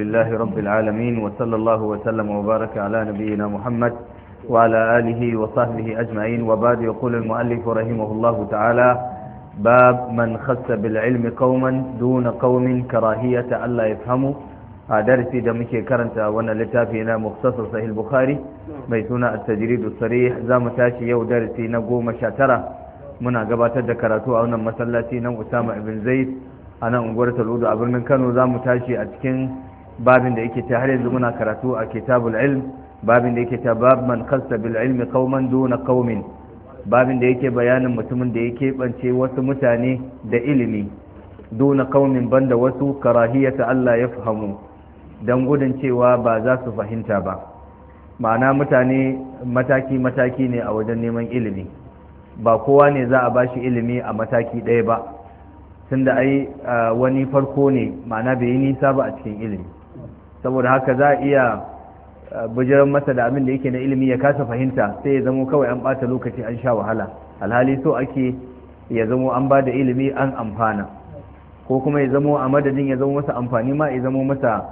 لله رب العالمين وصلى الله وسلم وبارك على نبينا محمد وعلى آله وصحبه أجمعين وبعد يقول المؤلف رحمه الله تعالى باب من خص بالعلم قوما دون قوم كراهية ألا يفهموا درسي da muke karanta wannan littafi na muktasar sahih bukhari mai suna at-tajrid as-sarih zamu tashi yau darasi na 19 muna gabatar da karatu a wannan masallaci nan Usama ibn Zaid a nan a birnin Kano zamu tashi a cikin babin da yake ta har yanzu muna karatu a kitabul ilm babin da yake ta bab man khassa bil ilmi qauman duna qaumin babin da yake bayanin mutumin da yake bance wasu mutane da ilimi duna qaumin banda wasu karahiyata Allah ya fahimu dan gudun cewa ba za su fahimta ba ma'ana mutane mataki mataki ne a wajen neman ilimi ba kowa ne za a bashi ilimi a mataki ɗaya ba tunda ai ah, wani farko ne ma'ana bai yi nisa ba a cikin ilimi saboda haka za a iya eh, bujiran masa da abin da yake na ilimi ya kasa fahimta sai ya zamo kawai an bata lokaci an sha wahala alhali so ake ya zamo an ba da ilimi an amfana ko kuma ya zamo a madadin ya zamo masa amfani ma ya zamo masa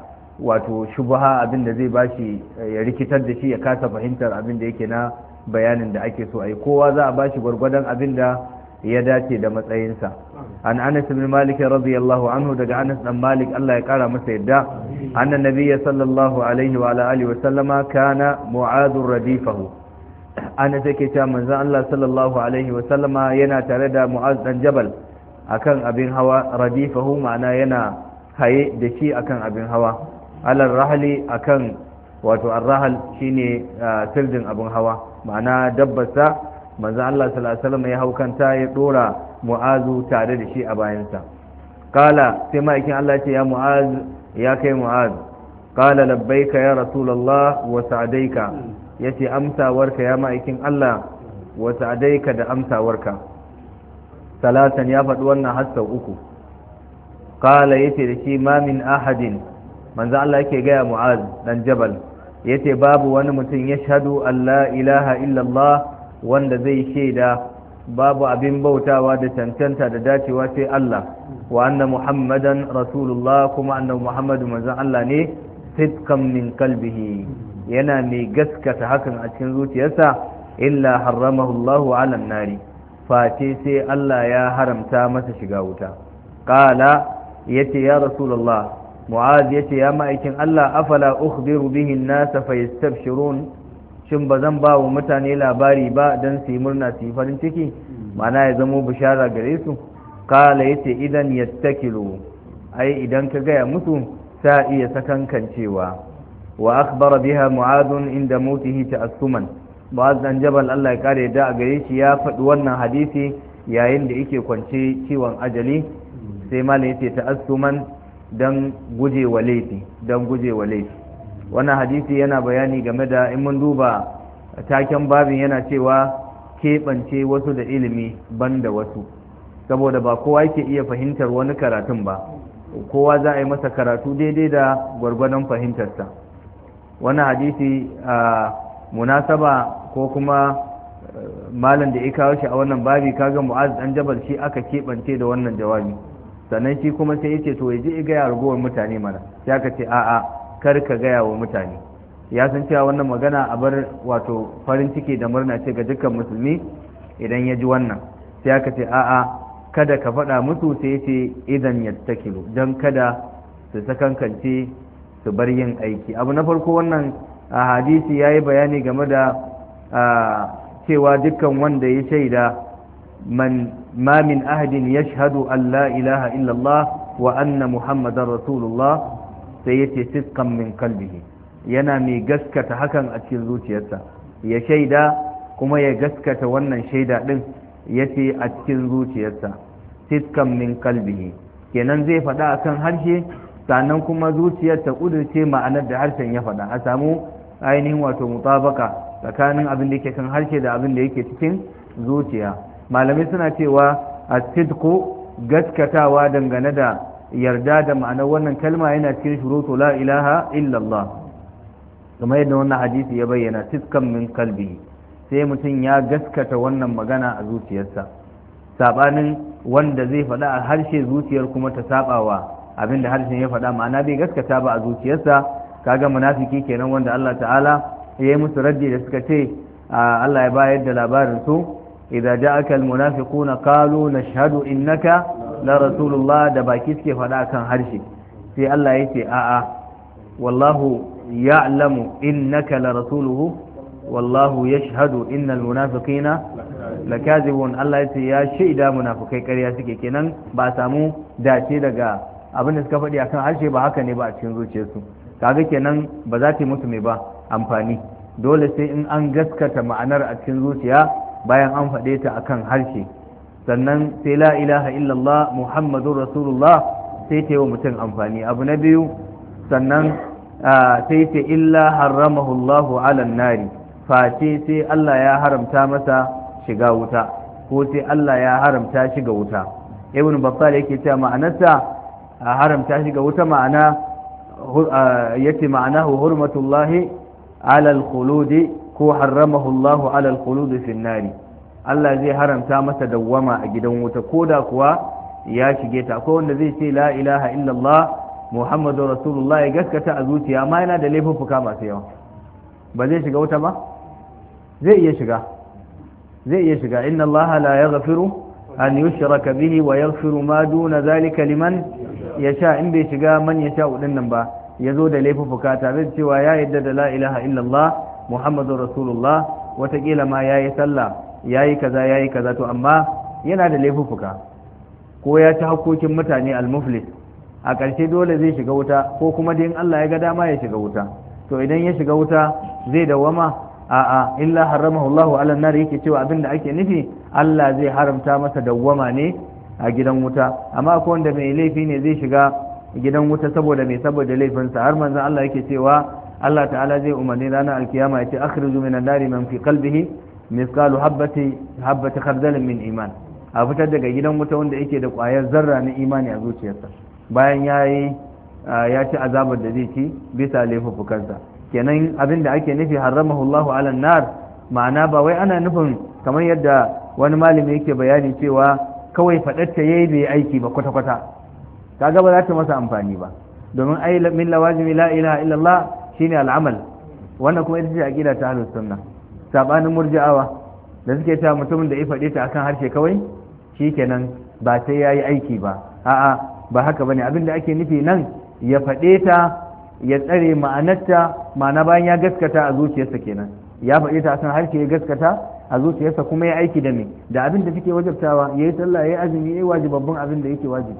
wato shubaha abin da zai bashi eh, ya rikitar da shi ya kasa fahimtar abin da yake na bayanin da ake so a yi kowa za a bashi gwargwadon abin da ya dace da matsayinsa an anas bin malik radiyallahu anhu daga anas dan malik Allah ya kara masa yadda annan nabiyyi sallallahu alaihi wa alihi wa sallama kana mu'adhur radifahu anas yake cewa manzon Allah sallallahu alaihi wa sallama yana tare da mu'az dan jabal akan abin hawa radifahu ma'ana yana haye da shi akan abin hawa alal rahli akan wato arrahal shine sirdin ah, abin hawa ma'ana sa. manzo Allah sallallahu alaihi wasallam ya haukanta ya dora mu'azu tare da shi a bayansa kala sai ma'aikin Allah ce ya mu'az ya kai mu'az kala labbaika ya rasulullah wa sa'daika yace amsawarka ya ma'aikin Allah wa sa'daika da amsawarka salatan ya faɗi wannan har sau uku kala yace da shi ma min ahadin manzo Allah yake ga mu'az dan jabal yace babu wani mutum ya shahadu Allah ilaha illallah wanda zai shaida babu abin bautawa da cancanta da dacewa sai Allah wa anna muhammadan rasulullah kuma annabi muhammadu manzon Allah ne sidqan min qalbihi yana mai gaskata hakan a cikin zuciyarsa illa harramahu Allah ala nari face sai Allah ya haramta masa shiga wuta qala yace ya rasulullah mu'az yace ya ma'aikin Allah afala ukhbiru bihi an-nas fa shin ba zan ba wa mutane labari ba don su yi murna su yi farin ciki mana ya zamo bishara gare su kala ya ce idan ya takilo ai idan ka gaya musu sa iya sakankancewa wa akbara biha mu'adun inda mutihi ta'assuman mu'az dan jabal Allah ya kare da a gare shi ya faɗi wannan hadisi yayin da yake kwance ciwon ajali sai malai ta asuman ta'assuman dan gujewa laifi dan gujewa laifi wannan hadisi yana bayani game da in mun duba taken babin yana cewa keɓance wasu da ilimi banda wasu saboda ba kowa yake iya fahimtar wani karatun ba kowa za a yi masa karatu daidai da gwargwadon fahimtarsa wannan hadisi a munasaba ko kuma malam da ya kawo shi a wannan babi kaga mu'az dan jabal shi aka keɓance da wannan jawabi sannan shi kuma sai ya ce to ya je ya gaya ragowar mutane mana sai aka ce a'a kar ka gaya wa mutane ya san cewa wannan magana a bar wato farin ciki da murna ce ga dukkan musulmi idan ya ji wannan sai aka ce a'a kada ka faɗa musu sai ya ce idan ya takilu don kada su sakankance su bar yin aiki abu na farko wannan a hadisi ya yi bayani game da cewa dukkan wanda ya shaida man ma min ahadin yashhadu an la ilaha illallah wa anna muhammadan rasulullah sai yace sidqan min kalbihi yana mai gaskata hakan a cikin zuciyarsa ya shaida kuma ya gaskata wannan shaida din yace a cikin zuciyarsa sidqan min kalbihi kenan zai faɗa akan harshe sannan kuma zuciyar ta kudurce ma'anar da harshen ya faɗa a samu ainihin wato mutabaka tsakanin abin da yake kan harshe da abin da yake cikin zuciya malamai suna cewa a ko gaskatawa dangane da yarda da ma'anar wannan kalma yana cikin shuruto la ilaha illallah kamar yadda wannan hadisi ya bayyana tiskan min kalbi sai mutum ya gaskata wannan magana a zuciyarsa sabanin wanda zai faɗa a harshe zuciyar kuma ta sabawa abinda harshen ya faɗa ma'ana bai gaskata ba a zuciyarsa kaga munafiki kenan wanda Allah ta'ala ya yi musu raddi da suka ce Allah ya bayar da labarin su idza ja'aka na qalu nashhadu innaka la rasulullah da baki suke faɗa kan harshe sai Allah ya ce a'a wallahu ya'lamu innaka la rasuluhu wallahu yashhadu innal munafiqina lakazibun Allah ya ce ya shaida munafikai ƙarya suke kenan ba samu dace daga abin da suka faɗi akan harshe ba haka ne ba a cikin zuciyarsu kaga kenan ba za ta mai ba amfani dole sai in an gaskata ma'anar a cikin zuciya bayan an faɗe ta akan harshe sannan sai la ilaha illallah muhammadun rasulullah sai ce wa mutum amfani abu na biyu sannan sai ce illa haramahullahu alan nari face sai Allah ya haramta masa shiga wuta ko sai Allah ya haramta shiga wuta ibn battal yake cewa ma'anarsa haramta shiga wuta ma'ana yace ma'ana hurmatullahi ala al ko haramahu alal ala al fi nari Allah zai haramta masa dawwama a gidan wuta koda kuwa ya shige ta akwai wanda zai ce la ilaha illallah muhammadu rasulullah ya gaskata a zuciya amma yana da laifuffuka masu yawa ba zai shiga wuta ba zai iya shiga zai iya shiga inna allaha la yaghfiru an yushraka bihi wa yaghfiru ma duna zalika liman yasha in bai shiga man yasha udin nan ba yazo da laifuffuka tare da cewa ya yadda da la ilaha illallah muhammadu rasulullah watakila ma yayi sallah yayi kaza yayi kaza to amma yana da laifuffuka ko ya ci hakokin mutane al-muflis a ƙarshe dole zai shiga wuta ko kuma dai Allah ya ga dama ya shiga wuta to idan ya shiga wuta zai dawama a'a illa haramahu Allahu ala nar yake cewa abinda ake nufi Allah zai haramta masa dawwama ne a gidan wuta amma akwai wanda mai laifi ne zai shiga gidan wuta saboda mai saboda laifinsa har manzon Allah yake cewa Allah ta'ala zai umarni ranar alkiyama ya ce akirin minan nari man fi qalbihi miskalu habbati habbati khardalin min iman a fitar daga gidan wuta wanda yake da kwayar zarra na imani a zuciyarsa bayan yi ya ci azabar da zai ci bisa laifuffukansa kenan abin da ake nufi haramahullahu ala nar ma'ana ba wai ana nufin kamar yadda wani malami yake bayani cewa kawai fadatta yayi bai aiki ba kwata-kwata kaga ba za ta masa amfani ba domin ai min lawazimi la ilaha illallah shine al'amal wannan kuma ita ce aqida ta ahlus sunnah sabanin murji'awa da suke ta mutumin da ya faɗe ta akan harshe kawai shikenan ba sai yayi aiki ba a'a ba haka bane da ake nufi nan ya faɗe ta ya tsare ma'anarta ma'ana bayan ya gaskata a zuciyarsa kenan ya faɗe ta akan harshe ya gaskata a zuciyarsa kuma ya aiki da me da abin da suke wajabtawa ya yi sallah ya yi azumi ya yi babban abin da yake wajibi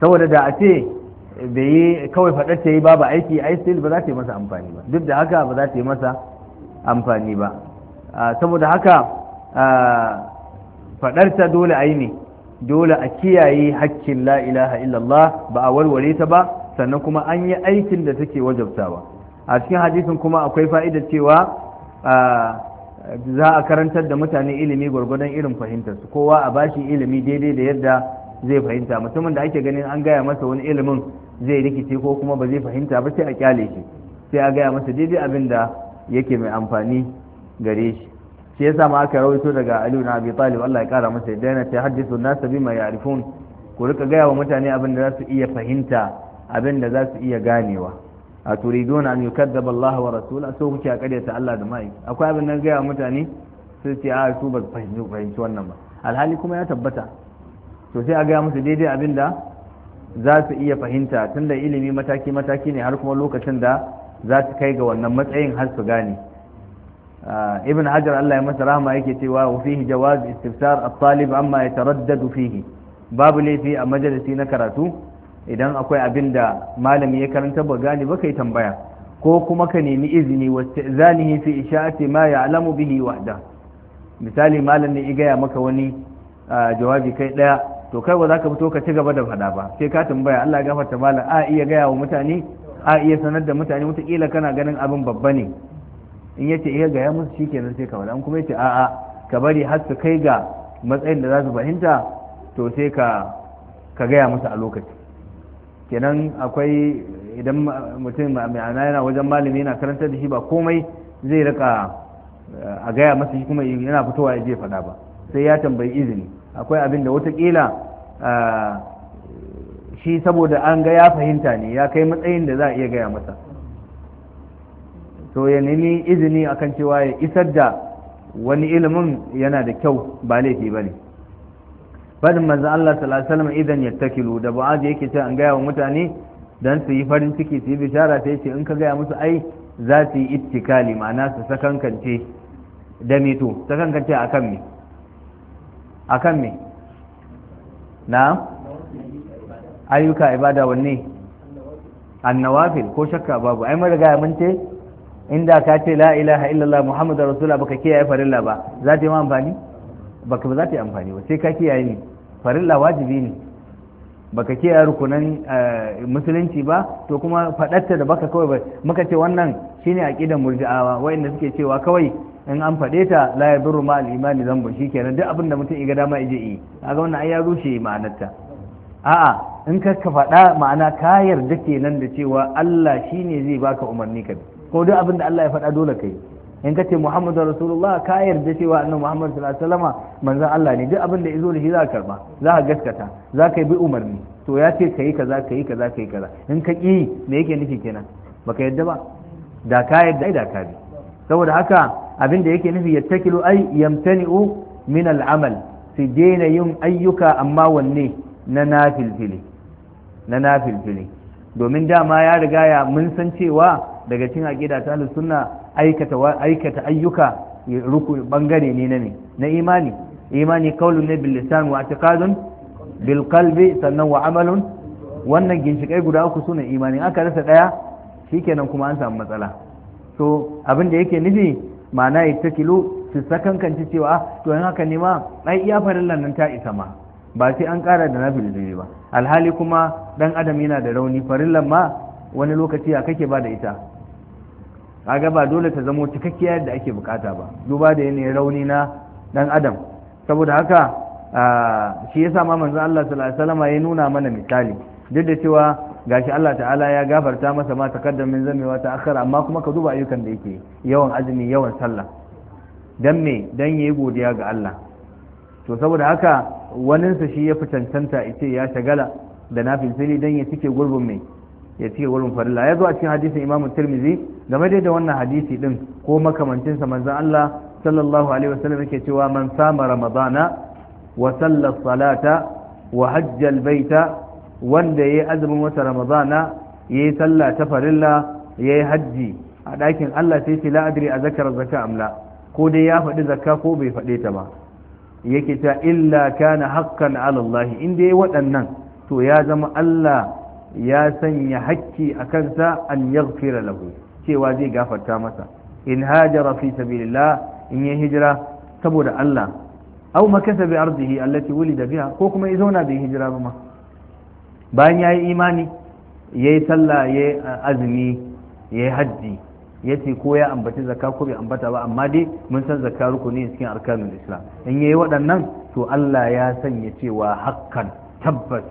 saboda da a ce bai yi kawai faɗar ta yi ba ba aiki ai still ba za ta yi masa amfani ba duk da haka ba za ta yi masa amfani ba saboda haka faɗarta dole a yi ne dole a kiyaye hakkin la ilaha illallah ba a warware ta ba sannan kuma an yi aikin da take wajabtawa a cikin hadisin kuma akwai fa'ida cewa za a karantar da mutane ilimi gwargwadon irin fahimtar su kowa a bashi ilimi daidai da yadda zai fahimta mutumin da ake ganin an gaya masa wani ilimin zai rikice ko kuma ba zai fahimta ba sai a kyale shi sai a gaya masa daidai abin da yake mai amfani gare shi shi yasa ma aka rawaito daga Aliyu na Abi Talib Allah ya kara masa yadda yana ta haddisu nas bima ya'rifun ku rika gaya wa mutane abin da za su iya fahimta abin da za su iya ganewa a turiduna an yukaddaba Allah wa rasula so kuke a karyata Allah da mai akwai abin nan gaya wa mutane su ce a su ba fahimci wannan ba alhali kuma ya tabbata to sai a gaya musu daidai abin da za su iya fahimta tunda ilimi mataki mataki ne har kuma lokacin da za su kai ga wannan matsayin har su gane ah, ibn hajar Allah ya masa rahama yake cewa wa fihi jawaz istifsar at-talib amma yataraddadu fihi babu laifi a majalisi na karatu idan akwai abin da malami ya karanta ba gane ba kai tambaya ko kuma ka nemi izini wa zanihi fi isha'ati ma ya'lamu bihi wahda misali malam ne ya maka wani ah, jawabi kai daya to kai ba za ka fito ka ci gaba da faɗa ba sai ka tambaya Allah ya gafarta malam a iya gaya wa mutane a iya sanar da mutane wataƙila kana ganin abin babba ne in yace iya eh, gaya musu shi kenan sai ka an kuma yace a'a ka bari har su kai ga matsayin da za su fahimta to sai ka ka gaya musu a lokaci kenan akwai idan mutum ma'ana yana wajen malami yana karantar da shi ba komai zai rika eh, a gaya masa shi kuma yana fitowa ya je faɗa ba sai ya tambayi izini akwai abin da watakila eh, shi saboda an ga ya fahimta ne ya kai matsayin da za a iya gaya masa to ya nemi izini akan cewa ya isar da wani ilimin yana da kyau ba laifi ba ne fadin maza Allah salasalama idan ya takilu da ba'azi yake ce an gaya wa mutane don su yi farin ciki su yi bishara ta ce in ka gaya musu ai za su yi ittikali ma'ana su sakankance da mito sakankance a me na'am ayyuka ibada wanne annawafil ko shakka babu ai mun riga mun ce inda ka ce la ilaha illallah muhammadur rasulullah baka kiyaye farilla ba za ta yi ma amfani baka ba za ta yi amfani ba sai ka kiyaye ni farilla wajibi ne baka kiyaye rukunan eh, musulunci ba to kuma fadatta da baka kawai ba muka ce wannan shine aqidan murji'awa wayanda suke cewa kawai in an fade ta la yadurru ma al-imani dhanbun shikenan duk abin da mutum ya ga dama ya yi kaga wannan ai ya rushe ma'anarta a'a in ka ka faɗa ma'ana ka yarda kenan da cewa Allah shi ne zai baka umarni ka ko duk abin da Allah ya faɗa dole kai in ka ce Muhammadu Rasulullah ka yarda cewa annabi Muhammad sallallahu alaihi wasallama manzon Allah ne duk abin da yazo da shi za ka karba za ka gaskata za ka bi umarni to ya ce kai kaza kai kaza kai kaza in ka ki me yake nufi kenan baka yarda ba da ka yarda da ka bi saboda haka abin da yake nufi yattakilu ay yamtani'u min al'amal su daina yin ayyuka amma wanne na nafilfili na nafilfili domin dama ya riga ya mun san cewa daga cin aqida ta sunna aikata aikata ayyuka ruku bangare ne na ne na imani imani qaulun ne bil lisan wa i'tiqadun bil qalbi sannan wa amalun wannan ginshikai guda uku suna imani aka rasa daya shikenan kuma an samu matsala so abin da yake nufi ma'ana ya ta kilo su sakankanci cewa to yin haka ne ma ai iya farillan nan ta isa ma ba sai an kara da nafi da ba alhali kuma dan adam yana da rauni farillan ma wani lokaci a kake ba da ita kaga ba dole ta zamo cikakkiya da ake bukata ba duba da yanayin rauni na dan adam saboda haka shi yasa ma manzon Allah sallallahu alaihi ya nuna mana misali duk da cewa gashi Allah ta'ala ya gafarta masa ma takaddam min zambi wa ta'akhkhara amma kuma ka duba ayyukan da yake yawan azumi yawan sallah dan me dan yayi godiya ga Allah to saboda haka waninsa shi ya fi cancanta ce ya shagala da nafil fili don ya cike gurbin mai ya cike gurbin farilla ya zo a cikin hadisin imamu tirmizi game da wannan hadisi din ko makamancin manzan Allah sallallahu alaihi wasallam yake cewa man sama ramadana wa salla salata wa hajjal baita wanda yayi azumin wata ramadana yayi sallah ta farilla yayi hajji a ɗakin Allah sai ce la a zakarar zaka amla ko dai ya faɗi zakka ko bai faɗe ta ba yake ta illa kana haqqan ala Allah in dai waɗannan to ya zama Allah ya sanya hakki a kansa an yaghfira lahu cewa zai gafarta masa in hajara fi sabilillah in ya hijira saboda Allah aw makasa bi ardihi allati wulida biha ko kuma ya zauna bai hijira ba ma bayan yayi imani yayi sallah yayi azumi yayi hajji ya ce ko ya ambaci zakka ko bai ambata ba amma dai mun san zakka rukuni cikin arkanul islam in yayi waɗannan to Allah ya sanya cewa hakkan tabbas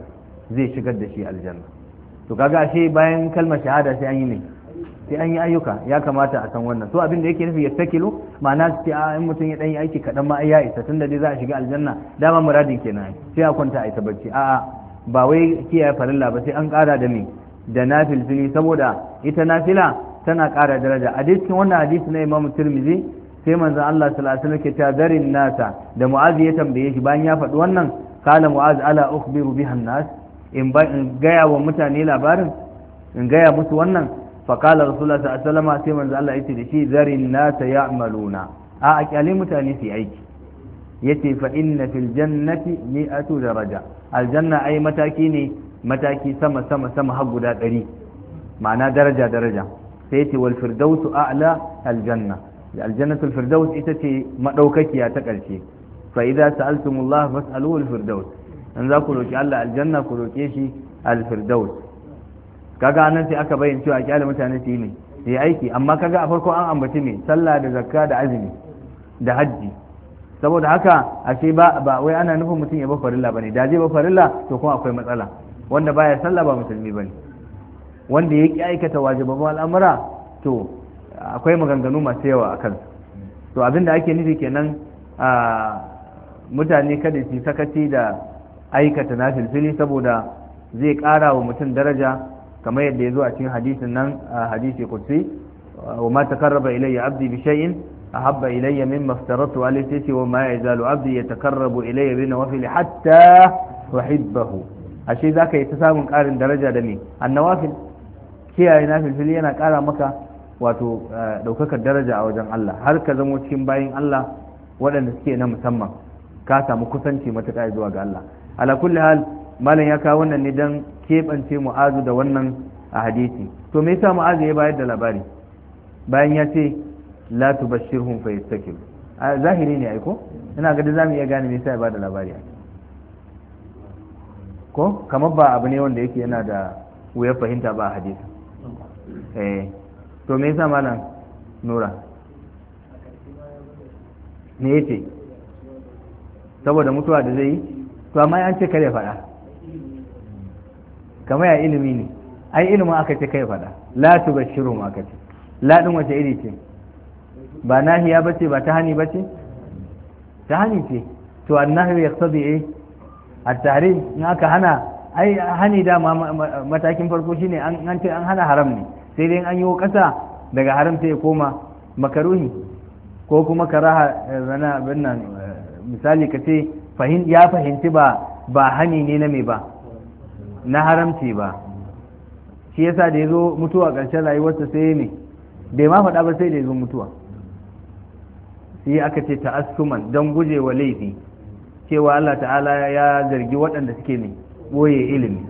zai shigar da shi aljanna to kaga ashe bayan kalmar shahada sai an yi ne sai an yi ayyuka ya kamata a san wannan to abin da yake nufi ya kilo ma'ana su a in mutum ya dan yi aiki kaɗan ma ya isa tunda dai za a shiga aljanna dama muradin kenan sai a kwanta a ita bacci a'a ba wai kiyaye farilla ba sai an ƙara da ni da nafil fili saboda ita nafila tana ƙara daraja a cikin wannan hadisi na imamu tirmizi sai manzon Allah sallallahu alaihi wasallam ke ta darin nasa da mu'azi ya tambaye shi bayan ya faɗi wannan kala mu'azi ala ukhbiru biha nas in ba in gaya wa mutane labarin in gaya musu wannan fa kala rasulullah sallallahu alaihi wasallam sai manzon Allah yace da shi zarin nasa ya'maluna a akyale mutane su aiki yace fa inna fil jannati mi'atu daraja aljanna ai mataki ne mataki sama sama sama har guda 100 ma'ana daraja daraja sai ce wal firdausu a'la aljanna aljannatul firdaus ita ce madaukakiya ta ƙarshe fa idza sa'altumullah fas'alu al firdaus in za ku roki Allah aljanna ku roke shi al kaga anan sai aka bayyana cewa kyale mutane su yi ne sai aiki amma kaga a farko an ambaci ne sallah da zakka da azumi da hajji saboda haka ashe ba ba wai ana nufin mutum ya ba farilla bane da zai ba farilla to kuma akwai matsala wanda baya sallah ba musulmi bane wanda ya ƙi aikata wajibaban al'amura to akwai maganganu masu yawa a kansu to abinda ake nufi kenan a mutane kada su sakaci da aikata na filfili saboda zai ƙara wa mutum daraja kamar yadda ya zo a cikin hadisin nan a hadisi kutsi wa ma takarraba ilayya abdi bi shay'in ahabba ilayya mimma aftaratu alayhi sai wa ma yazalu abdi yatakarrabu ilayya bi nawafil hatta uhibbahu ashe zaka yi ta samun ƙarin daraja da me annawafil kiyaye na filfili yana kara maka wato eh, ɗaukakar daraja a wajen Allah har ka zamo cikin bayin Allah waɗanda suke na musamman ka samu kusanci matuƙa zuwa ga Allah ala kulli hal malam ya kawo wannan ne dan keɓance mu'azu da wannan a hadisi to me yasa mu'azu ya bayar da labari bayan ya ce la tubashshirhum fa yastakilu zahiri ne aiko ina ga za mu iya gane me yasa ya bada labari ko kamar ba abu ne wanda yake yana da wuya fahimta ba a hadisi eh to me yasa malam nura me yace saboda mutuwa da zai yi to amma an ce kare faɗa kamar ya ilimi ne ai ilimin aka ce kai faɗa la ma ka ce la din wace iri ce ba nahiya bace ba ta hani bace ta hani ce to annahu yaqtadi eh at-tahrim in aka hana ai hani dama matakin farko shine an ce an hana haram ne sai dai an yi kasa daga haram sai ya koma makaruhi ko kuma karaha eh, zana binnan eh, misali ka ce ya fahimci ba ba hani ne na me ba na haramci ba shi yasa da ya zo mutuwa ƙarshen rayuwarsa sai ne bai ma faɗa ba sai da ya zo mutuwa sai aka ce ta'assuman don guje wa laifi cewa Allah ta'ala ya zargi waɗanda suke ne boye ilimi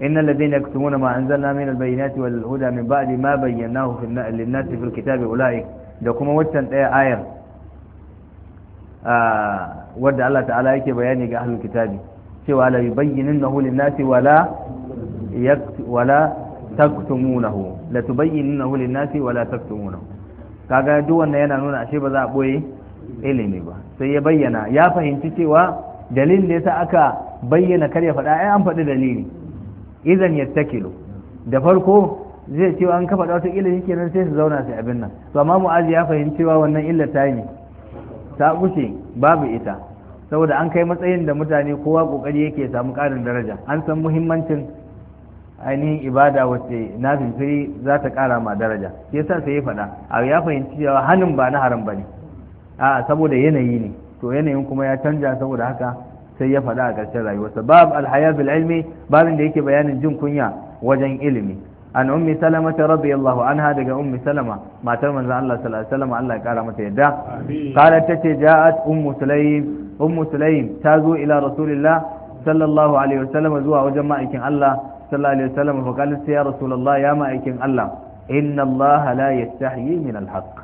innal ladina yaktumuna ma zan min albayyinati wal huda min ba'di ma bayyanahu lin nasi fil kitabi ulaik da kuma wancan daya ayar wadda Allah ta'ala yake bayani ga ahlul kitabi cewa la yubayyinannahu lin nasi wala wala taktumunahu la tubayyinannahu lin nasi wala taktumunahu kaga duk wannan yana nuna ashe ba za a boye ilimi ba sai ya bayyana ya fahimci cewa dalilin da sa aka bayyana kar ya faɗa ai an faɗi dalili idan yattakilu da farko zai cewa an kafa wata illa yake nan sai su zauna sai abin nan to amma mu'azi ya fahimci cewa wannan illa ta yi ta kuce babu ita saboda an kai matsayin da mutane kowa kokari yake samu karin daraja an san muhimmancin ainihin ibada wacce na fimfiri za ta kara ma daraja shi yasa sai ya faɗa a ya fahimci cewa hannun ba na haram ba ne a saboda yanayi ne to yanayin kuma ya canja saboda haka sai ya faɗa a ƙarshen rayuwarsa bab alhaya bil ilmi babin da yake bayanin jin kunya wajen ilimi an ummi salama ta rabbi allah an ha daga ummi salama matar manzo Allah sallallahu alaihi wasallam Allah ya kara mata yadda qalat tace ja'at ummu sulaim ummu sulaim ta zo ila rasulillah sallallahu alaihi wasallam zuwa wajen ma'aikin Allah sallallahu alaihi wasallam fa qalat ya rasulullah ya ma'aikin Allah inna Allah la yastahi min al-haqq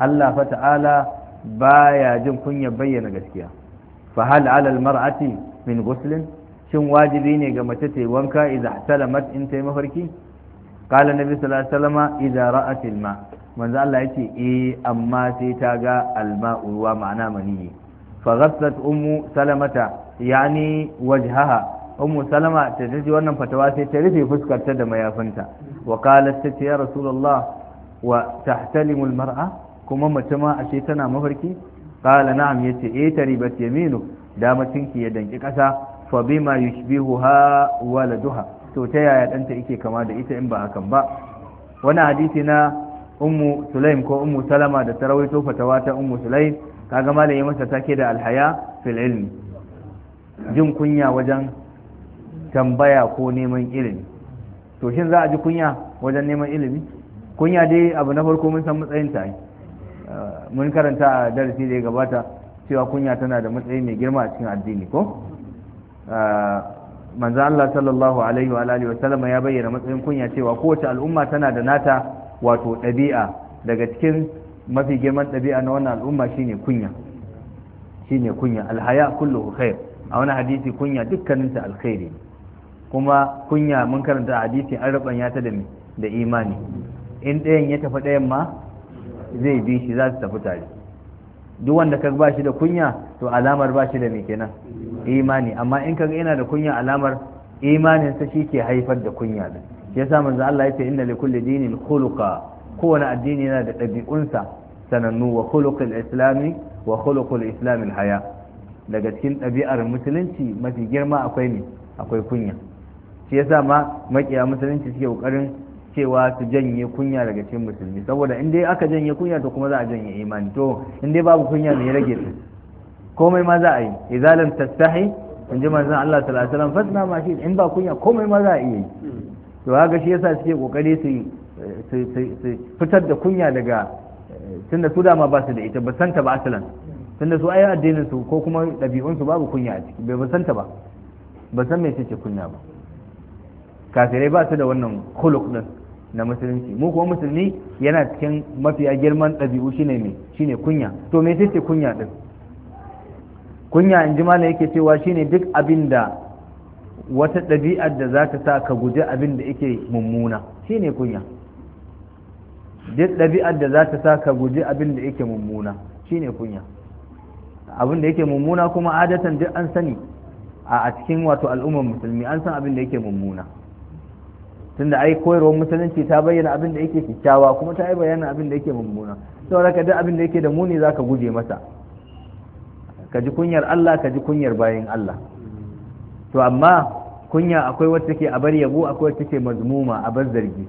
Allah fa ta'ala baya jin kunyar bayyana gaskiya fa hal ala almar'ati min ghuslin shin wajibi ne ga mace ta wanka idza salamat in ta mafarki qala nabi sallallahu alaihi wasallam idza ra'at alma manzo Allah yace eh amma sai ta ga alma'u ruwa ma'ana mani fa ghassat ummu salamata yani wajhaha ummu salama ta ji wannan fatawa sai ta rufe fuskarta da mayafinta wa qalat ta ya rasulullah wa tahtalimu mar'a kuma mace ma ashe tana mafarki qala na'am yace eh bat yaminu da matinki ya danki kasa fa bima yushbihuha waladuha to ta yaya danta yake kama da ita in ba hakan ba wani hadisi na ummu sulaim ko ummu salama da rawaito fatawa ta ummu sulaim kaga malam ya masa take da alhaya fil ilmi jin kunya wajen tambaya ko neman ilimi to shin za a ji kunya wajen neman ilimi kunya dai abu na farko mun san matsayin ta mun karanta a darasi da ya gabata cewa kunya tana da matsayi mai girma a cikin addini ko manzan Allah sallallahu alaihi wa alihi wa ya bayyana matsayin kunya cewa kowace al'umma tana da nata wato ɗabi'a daga cikin mafi girman ɗabi'a na wannan al'umma shine kunya shine kunya alhaya kullu khair a wani hadisi kunya dukkaninta alkhairi kuma kunya mun karanta a hadisi an rubanya ta da imani in ɗayan ya tafi ɗayan ma zai bi shi za su tafi tare duk wanda ka ba shi da kunya to alamar ba shi da mai kenan imani amma in kaga yana da kunya alamar imanin sa shi ke haifar da kunya din shi yasa manzo Allah yace inna kulli dinin khuluqa kowane addini yana da ɗabi'unsa sanannu wa khuluqul islami wa khuluqul islami haya daga cikin ɗabi'ar musulunci mafi girma akwai ne akwai kunya shi yasa ma makiya musulunci suke kokarin cewa su janye kunya daga cikin musulmi saboda in dai aka janye kunya to kuma za a janye imani to in dai babu kunya ne rage su komai ma za a yi idza lam tastahi in ji manzon Allah sallallahu alaihi wasallam fasna ma shi in ba kunya komai ma za a iya yi to haka shi yasa suke kokari su su fitar da kunya daga tunda su dama ba su da ita ba santa ba asalan tunda su ayi addinin su ko kuma dabi'un su babu kunya a ciki bai ba santa ba ba san me ce kunya ba kafirai ba su da wannan kuluk din na musulunci mu kuma musulmi yana cikin mafiya girman ɗabi'u shine ne shine kunya to me sai ce kunya din kunya in ji malam yake cewa shine duk abin da wata ɗabi'ar da za ta sa ka guji abin da yake mummuna shine kunya duk ɗabi'ar da za ta sa ka guji abin da yake mummuna shine kunya abin da yake mummuna kuma adatan duk an sani a cikin wato al'ummar musulmi an san abin da yake mummuna tunda ai koyarwar musulunci ta bayyana abin da yake kyakkyawa kuma ta yi bayanin abin da yake mummuna saboda ka duk abin da yake da muni zaka guje masa ka ji kunyar Allah ka ji kunyar bayin Allah to amma kunya akwai wacce take a bar yabo akwai wacce take mazmuma a bar zargi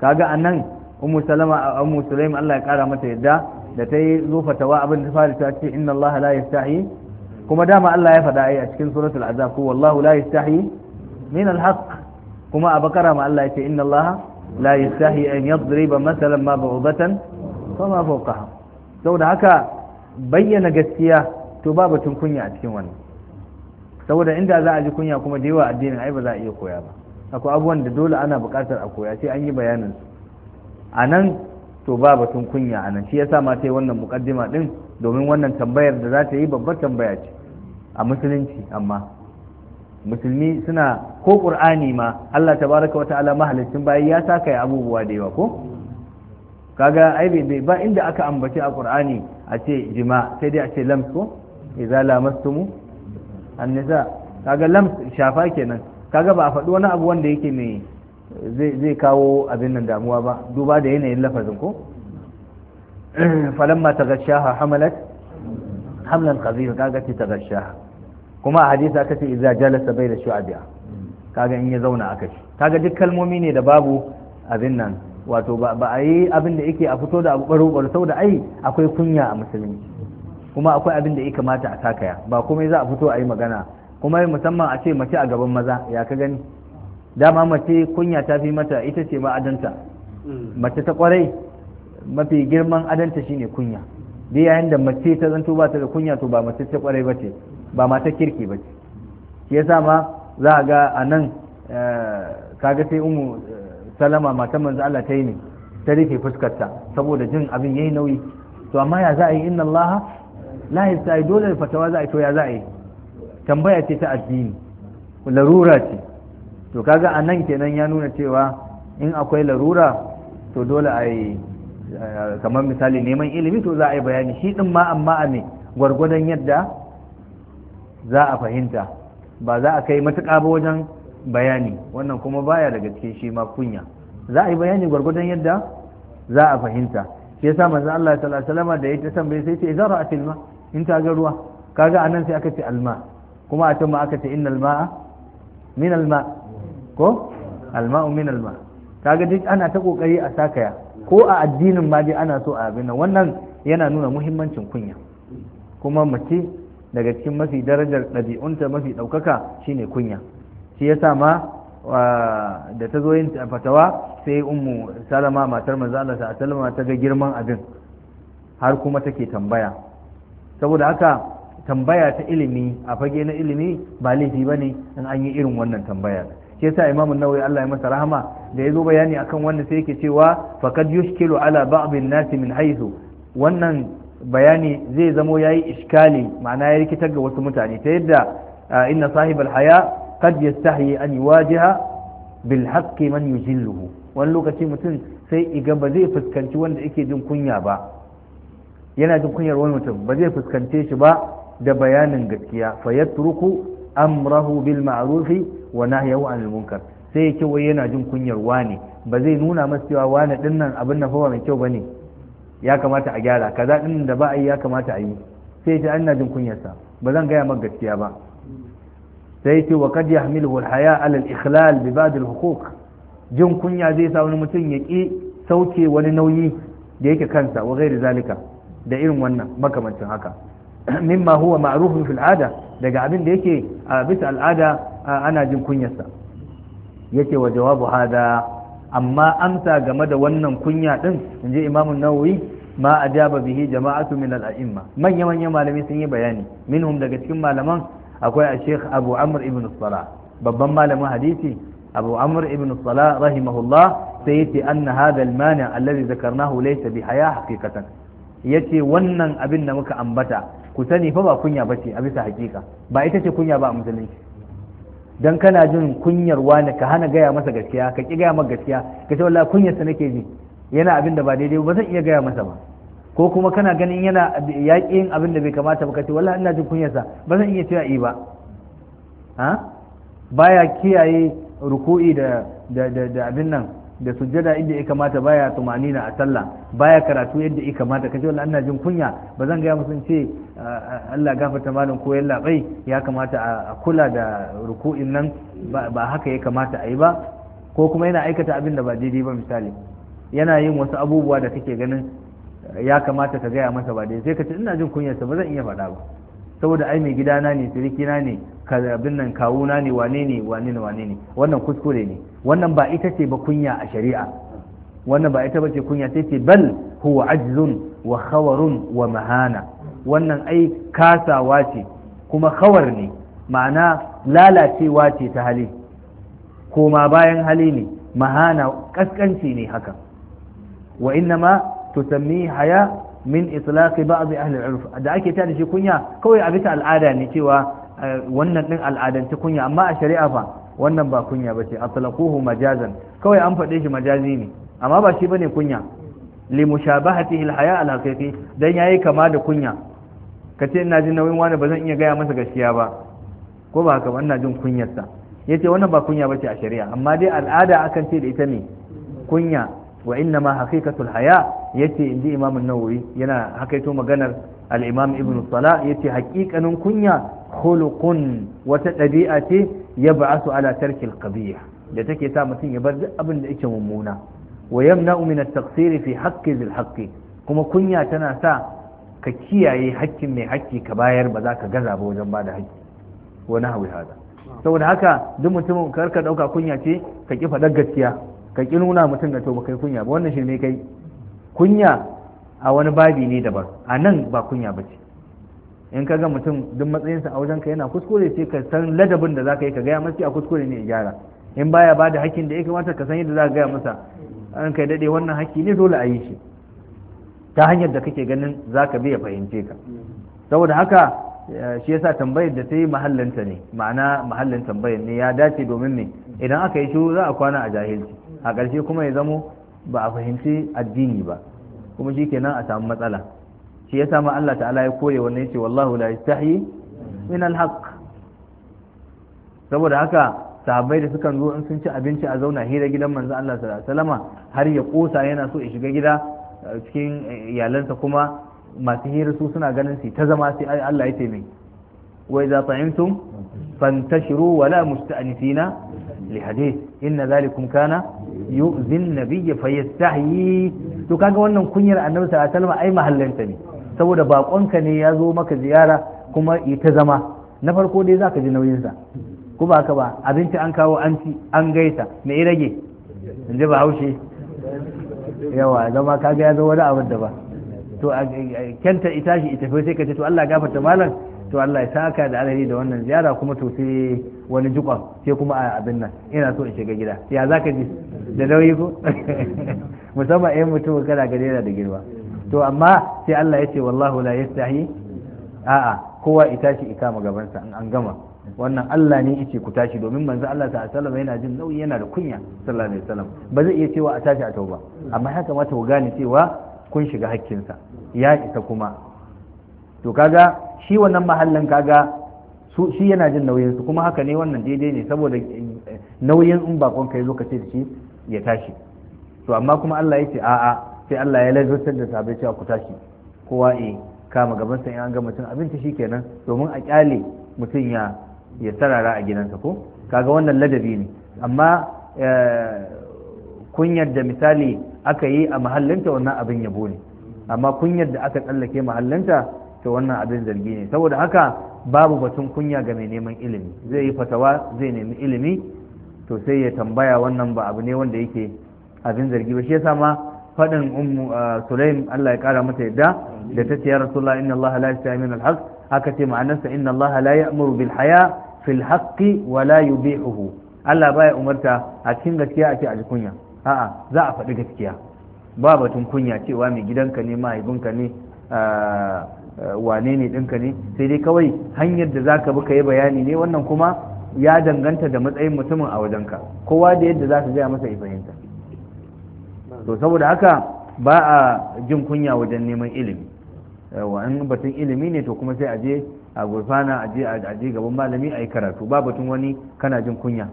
kaga anan ummu salama ummu sulaim Allah ya kara mata yadda da ta yi zo ta abin da fara ta ce inna Allah la yastahi kuma dama Allah ya faɗa ai a cikin suratul azab ko wallahu la yastahi min alhaq kuma a bakara ma Allah ya ce inna Allah la yastahi an yadriba masalan ma ba'udatan fama fawqaha saboda haka bayyana gaskiya to ba batun kunya a cikin wannan saboda inda za a ji kunya kuma da yawa addinin ai ba za a iya koya ba akwai abubuwan da dole ana buƙatar a koya sai an yi bayanin su a nan to ba batun kunya a nan shi yasa ma ta wannan mukaddima din domin wannan tambayar da za ta yi babbar tambaya ce a musulunci amma musulmi suna ko qur'ani ma Allah tabaraka wa ta'ala mahalicin bayi ya saka ya abubuwa da yawa ko kaga ai bai ba inda aka ambaci a qur'ani a ce jima sai dai a ce lams ko idza lamastumu annisa kaga lams shafa kenan kaga ba a faɗi wani abu wanda yake mai zai kawo abin nan damuwa ba duba da yanayin lafazin ko falamma tagashaha hamalat hamlan qadhira kaga ta tagashaha kuma a hadisa aka ce iza jalasa bai da shu'abiya kaga in ya zauna aka shi kaga duk kalmomi ne da babu abin nan wato ba a yi abin da yake a fito da abu baro baro saboda ai akwai kunya a musulmi kuma akwai abin da ya kamata a takaya ba komai za a fito a yi magana kuma musamman a ce mace a gaban maza ya ka gani dama mace kunya ta fi mata ita ce ma adanta mm. mace ta kwarai mafi girman adanta shine kunya dai yayin da mace ta zanto ba ta da kunya to ba mace ta kwarai ba ce ba mata kirki ba ce shi yasa ma za a ga a nan eh, kaga sai umu eh, salama matan manzo Allah ta yi ne ta rufe fuskarta saboda jin abin yayi nauyi to amma ya za a yi inna Allah la yasai dole fatawa za a yi to ya za a yi tambaya ce ta addini larura ce to kaga a nan kenan ya nuna cewa in akwai larura to dole a yi eh, kamar misali neman ilimi to za a yi bayani shi din ma amma a ne gwargwadon yadda za a fahimta ba za a kai matuƙa ba wajen bayani wannan kuma baya daga cikin shi ma kunya za a yi bayani gwargwadon yadda za a fahimta shi yasa manzo Allah sallallahu alaihi wasallam da ya tambaye sai ce idan ra'atil ma in ta ga ruwa kaga anan sai aka ce alma kuma a can ma aka ce innal ma'a min alma ko alma'u min alma kaga duk ana ta kokari a sakaya ko a addinin ma dai ana so a abin nan wannan yana nuna muhimmancin kunya kuma mace daga cikin mafi darajar ɗabi'unta mafi ɗaukaka shine kunya shi ya ma da ta zo yin fatawa sai umu salama matar maza Allah ta salama ta ga girman abin har kuma take tambaya saboda haka tambaya ta ilimi a fage na ilimi ba laifi ba ne in an yi irin wannan tambaya shi yasa imamun an-Nawawi Allah ya masa rahama da ya zo bayani akan wannan sai yake cewa faqad yushkilu ala ba'd min haythu wannan bayani zai zamo yayi iskali ma'ana ya rikitar ga wasu mutane ta yadda inna sahibal haya kad yastahi an yuwajiha bil haqqi man luhu. wani lokaci mutum sai iga ba zai fuskanci wanda yake jin kunya ba yana jin kunyar wani mutum ba zai fuskance shi ba da bayanin gaskiya fa yatruku amrahu bil ma'rufi wa nahyahu anil munkar sai ya ce yana jin kunyar wani ba zai nuna masa cewa wani dinnan abin nan fa ba mai kyau bane ya kamata a gyara kaza din da ba a yi ya kamata a yi sai ta ina jin kunyarsa ba zan gaya maka gaskiya ba sai ce wa kad yahmiluhu alhaya ala ikhlal bi ba'd al jin kunya zai sa wani mutum ya ki sauke wani nauyi da yake kansa wa ghairi zalika da irin wannan makamancin haka mimma huwa ma'rufun fil ada daga abin da yake a bisa al'ada ana jin kunyarsa yake wa jawabu hada amma amsa game da wannan kunya ɗin, in inji imamun nawawi ma ajaba bihi jama'atu min al-a'imma manya manyan malami sun yi bayani minhum daga cikin malaman akwai a Sheikh Abu Amr ibn Salah babban malamin hadisi Abu Amr ibn Salah rahimahullah sai yace anna hadha al-mani alladhi dhakarnahu laysa bi haya haqiqatan yace wannan abin da muka ambata ku sani fa ba kunya bace a bisa hakika ba ita ce kunya ba a musulunci dan kana jin kunyar wani ka hana gaya masa gaskiya ka ki gaya masa gaskiya ka ce wallahi kunyar sa nake ji yana abin da ba daidai ba zan iya gaya masa ba ko kuma kana ganin yana yaƙin abin da bai kamata ba kace wallahi ina jin kunyarsa ba zan iya cewa yi eh ba ha baya kiyaye ruku'i da da da abin nan da sujjada inda ya kamata baya tumanina a sallah baya karatu yadda ya kamata kace wallahi ina jin kunya ba zan gaya musun ce Allah gafarta malam ko yalla bai ya kamata a kula da ruku'in nan ba haka ya kamata a yi ba ko kuma yana aikata abin da ba daidai ba misali yana yin wasu abubuwa da kake ganin ya kamata ka gaya masa ba dai sai ka ce ina jin kunyarsa ba zan iya faɗa ba saboda ai mai gidana ne sirikina ne abin nan kawuna ne wane ne wane ne wane ne wannan kuskure ne wannan ba ita ce ba kunya a shari'a wannan ba ita ba ce kunya sai ce bal huwa ajzun wa khawarun wa mahana wannan ai kasawa ce kuma khawar ne ma'ana lalacewa ce ta hali koma bayan hali ne mahana kaskanci ne haka وإنما تسميه حياة min itlaqi ba'd ahli al-urf da ake ta da shi kunya kawai a bisa al'ada ne cewa eh, wannan din al'adance kunya amma a shari'a fa wannan ba kunya bace atlaquhu majazan kawai an faɗe shi majazi ne amma ba shi bane kunya li mushabahatihi al-haya al-haqiqi dan yayi kama da kunya kace ina jin nauyin wani ba zan iya gaya masa gaskiya ba ko ba haka ba ina jin kunyarsa yace wannan ba kunya bace a shari'a amma dai al'ada akan ce da ita ne kunya wa inna ma haqiqatul haya yace inji imam an-nawawi yana hakaito maganar al-imam ibn salah yace haqiqanin kunya khuluqun wata dabi'a ce yab'asu ala tarkil qabih da take sa mutum ya bar abin da yake mummuna wa yamna'u min at-taqsir fi haqqi dhil haqqi kuma kunya tana sa ka kiyaye haƙƙin mai haƙƙi ka bayar ba za ka gaza ba wajen bada haƙƙi wani hawi hada saboda haka duk mutumin karka ɗauka kunya ce ka ƙi faɗar gaskiya ka ki nuna mutum da to kai kunya ba wannan shi ne kai kunya a wani babi ne daban a nan ba kunya ba ce in ka ga mutum duk matsayinsa a ka yana kuskure sai ka san ladabin da za ka yi ka gaya masa a kuskure ne ya gyara in baya ba da hakkin da ya kamata ka san yadda za ka gaya masa an kai daɗe wannan hakki ne dole a yi shi ta hanyar da kake ganin za ka ya fahimce ka saboda haka eh, shi yasa tambayar da ta yi mahallinta ne ma'ana mahallin tambayar ne ya dace domin ne idan aka yi shiru za a kwana a jahilci a ƙarshe kuma ya zamo ba a fahimci addini ba kuma shi kenan a samu matsala shi ya samu Allah ta'ala ya koya wannan ya ce wallahu la yastahi min alhaq saboda haka sahabbai da sukan zo in sun ci abinci a zauna hira gidan manzo Allah sallallahu alaihi wasallama har ya kosa yana so ya shiga gida cikin eh, iyalansa kuma masu hira su suna ganin su ta zama sai Allah ya ce mai wa idza ta'imtum fantashiru wala musta'nisina li hadith inna ذلك كان يؤذي النبي فيستحي to kaga wannan kunyar annabi sallallahu alaihi wasallam ai mahallanta ne saboda bakonka ne ya zo maka ziyara kuma ita zama na farko dai zaka ji nauyin sa ko ba ka ba abinci an kawo an ci an gaita me rage in ba haushe yawa zama kaga ya zo wani abu da ba to kenta ita shi ita sai ka ce to Allah gafarta malam to Allah ya saka da alheri da wannan ziyara kuma to sai wani jukon sai kuma a abin nan ina so in shiga gida ya za ka ji da nauyi ko musamman ɗayan mutum kana gani yana da girma to amma sai Allah ya ce wallahu la yastahi a'a kowa i tashi i kama gabansa in an gama wannan Allah ne yace ku tashi domin manzo Allah ta sallama yana jin nauyi yana da kunya sallallahu alaihi wasallam ba zai iya cewa a tashi a tauba amma haka kamata ku gane cewa kun shiga hakkinsa ya isa kuma to kaga shi wannan mahallin kaga su shi yana jin nauyin su kuma haka ne wannan daidai ne saboda eh, nauyin in bakon kai zo ka ce da shi ya tashi to amma kuma Allah ya ce a'a sai Allah ya lazartar da sabai cewa ku tashi kowa eh kama gaban sa in an ga mutum abinci shikenan domin a kyale mutum ya ya sarara a gidansa ko kaga wannan ladabi ne amma eh, kunyar da misali aka yi a mahallinta wannan abin yabo ne amma kunyar da aka tsallake mahallinta to wannan abin zargi ne saboda haka babu batun kunya ga mai neman ilimi zai yi fatawa zai nemi ilimi to sai ya tambaya wannan ba abu ne wanda yake abin zargi ba shi yasa ma faɗin ummu sulaim Allah ya kara mata yadda da ta ce ya rasulullah inna Allah la yastahi min al-haq haka ce sa inna Allah la ya'muru bil haya fil haqqi wa la yubihuhu Allah baya umarta a cikin gaskiya a ce a kunya a'a za a faɗi gaskiya ba batun kunya cewa mai gidanka ne mahaifinka ne wane ne ɗinka ne sai dai kawai hanyar da za ka bi ka yi bayani ne wannan kuma ya danganta da matsayin mutumin a wajenka kowa da yadda za ka gaya masa ya fahimta to saboda haka ba a jin kunya wajen neman ilimi wa batun ilimi ne to kuma sai a je a gurfana a je gaban malami a yi karatu ba batun wani kana jin kunya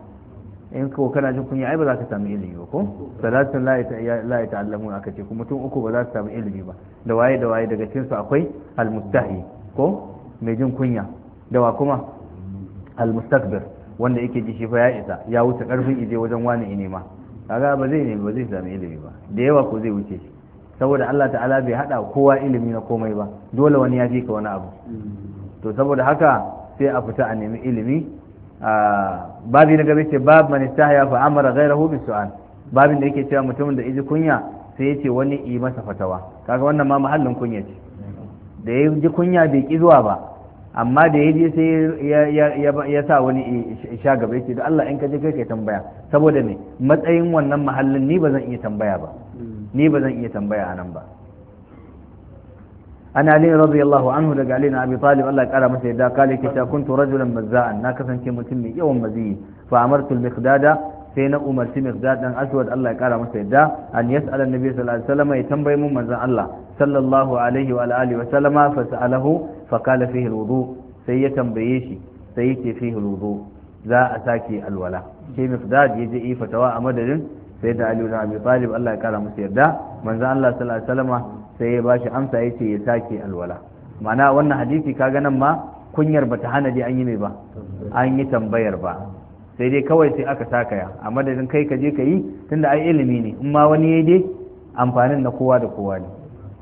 in ko kana jin kunya ai ba za ka samu ilimi ba ko salatun la ya ta'allamu aka ce kuma mutum uku ba za su samu ilimi ba da waye da waye daga cikin su akwai almustahi ko mai jin kunya da wa kuma almustakbir wanda yake ji shi fa ya isa ya wuce karfin ije wajen wani ine ma kaga ba zai ne ba zai samu ilimi ba da yawa ko zai wuce saboda Allah ta'ala bai hada kowa ilimi na komai ba dole wani ya fi ka wani abu to saboda haka sai a fita a nemi ilimi babi na gaba ce bab man istahya fa amara ghayrahu bi su'an babin da yake cewa mutumin da iji kunya sai ya ce wani yi masa fatawa kaga wannan ma mahallin kunya ce da ya ji kunya bai ki zuwa ba amma da ya je sai ya sa wani sha gaba yake da Allah in ka je kai kai tambaya saboda me matsayin wannan muhallin ni ba zan iya tambaya ba ni ba zan iya tambaya a nan ba an ali radiyallahu anhu daga ali na abi talib Allah ya kara masa yadda kale ke ta kuntu rajulan mazza'an na kasance mutum yawan maziyi fa amartu al-miqdada sai na umarci miqdad dan aswad Allah ya kara masa yadda an yas'ala annabi sallallahu alaihi ya tambayi mun manzon Allah sallallahu alaihi wa alihi wa sallama fa fa qala fihi al sai ya tambaye shi sai yace fihi al-wudu za a sake alwala sai miqdad ya je yi fatawa a madadin sai da ali na Allah ya kara masa yadda Allah sai ya bashi amsa ya ce ya sake alwala mana wannan hadisi kaga nan ma kunyar bata hana dai an yi mai ba an yi tambayar ba sai dai kawai sai aka ya a madadin kai ka je ka yi tunda ai ilimi ne in ma wani yayi dai amfanin na kowa da kowa ne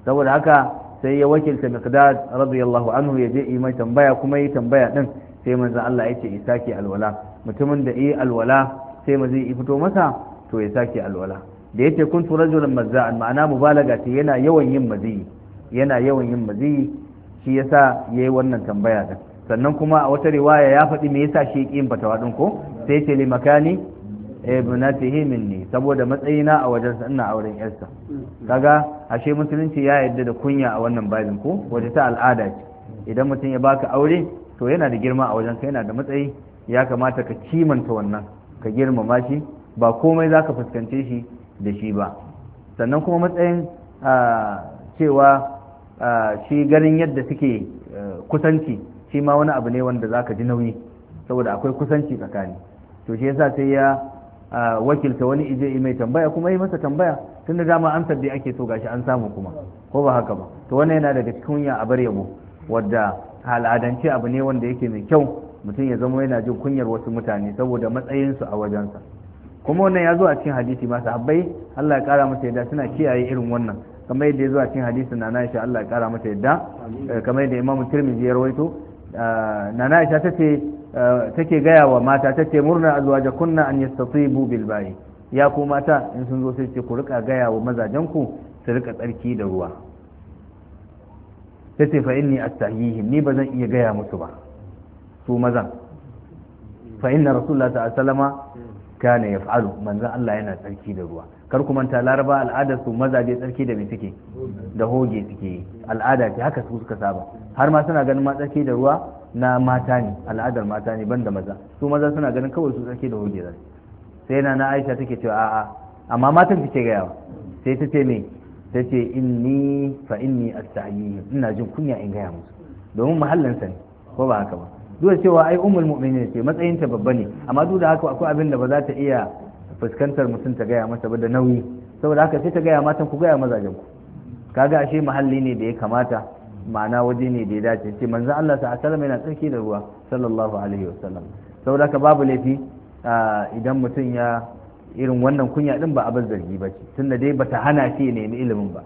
saboda haka sai ya wakilta miqdad radiyallahu anhu ya je mai tambaya kuma yi tambaya din sai manzon Allah ya ce ya sake alwala mutumin da yi alwala sai mazi zai fito masa to ya sake alwala da yace kuntu rajulan mazza'an ma'ana mubalaga ce yana yawan yin maziyi yana yawan yin maziyi shi ya sa ya yi wannan tambaya ta sannan kuma a wata riwaya ya faɗi me yasa shi yin bata waɗin ko sai ce li makani ibnatihi minni saboda matsayina a wajen ina auren yarsa kaga ashe musulunci ya yarda da kunya a wannan babin ko ta al'ada ce idan mutum ya baka aure to yana da girma a wajen yana da matsayi ya kamata ka kimanta wannan ka girmama shi ba komai za ka fuskance shi da shi ba sannan kuma matsayin cewa shi ganin yadda suke kusanci shi ma wani abu ne wanda za ka ji nauyi saboda akwai kusanci tsakani to shi yasa sai ya wakilta wani ije mai tambaya kuma yi masa tambaya tun da dama an sabbi ake so gashi an samu kuma ko ba haka ba to wannan yana daga cikin ya bar yabo wadda al'adance abu ne wanda yake mai kyau mutum ya zama yana jin kunyar wasu mutane saboda matsayinsu a wajensa kuma wannan ya zo a cikin hadisi ma sahabbai Allah ya kara masa yadda suna kiyaye irin wannan kamar yadda ya zo a cikin hadisi na Aisha Allah ya kara mata yadda eh, kamar yadda Imam Tirmidhi ya rawaito eh, na Aisha tace eh, take gaya wa mata tace murna kunna an yastatibu bil bayi ya ku mata in sun zo sai ce ku rika gaya wa mazajen ku su rika tsarki da ruwa tace fa inni astahihim ni ba zan iya gaya musu ba su mazan fa inna rasulullahi sallallahu alaihi wasallama kana yaf'alu manzan Allah yana tsarki da ruwa kar ku manta laraba al'ada su mazaje tsarki da mai suke da hoge suke al'ada ce haka su suka saba har ma suna ganin ma tsarki da ruwa na mata ne al'adar mata ne banda maza su maza suna ganin kawai su tsarki da hoge zai sai na na Aisha take cewa a'a amma matan take gaya sai ta ce me ta ce inni fa inni astahyi ina jin kunya in gaya musu domin mahallansa ne ko ba haka ba duk da cewa ai ummul mu'minin ce ta babba ne amma duk da haka akwai abin da ba za ta iya fuskantar mutum ta gaya masa ba da nauyi saboda haka sai ta gaya matan ku gaya mazajen ku kaga ashe mahalli ne da ya kamata ma'ana waje ne da ya dace ce manzo Allah sa sallama yana tsarki da ruwa sallallahu alaihi wasallam saboda haka babu laifi idan mutum ya irin wannan kunya din ba abin zargi ba ce tunda dai bata hana shi ne nemi ilimin ba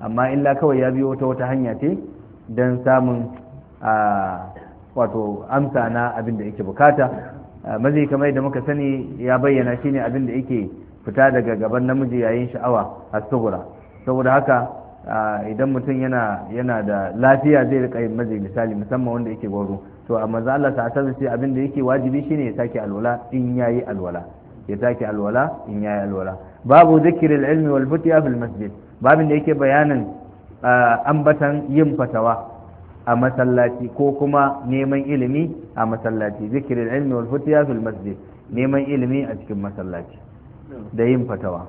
amma illa kawai ya biyo ta wata hanya ce don samun wato amsa na abin da yake bukata ah, mazi kamar yadda muka sani ya bayyana shine abin da yake fita daga gaban namiji yayin sha'awa a sugura saboda haka ah, idan mutum yana yana da lafiya zai rika yin mazi misali musamman wanda yake gwaro to a manzo Allah ta ta sai abin da yake wajibi shine ya sake alwala in yayi alwala ya sake alwala in yayi alwala babu zikril ilmi wal futiya fil masjid babin da yake bayanin ah, ambatan yin fatawa a masallaci ko kuma neman ilimi a masallaci zikirin ilmi wal futiya fil masjid neman ilimi a cikin masallaci da yin fatawa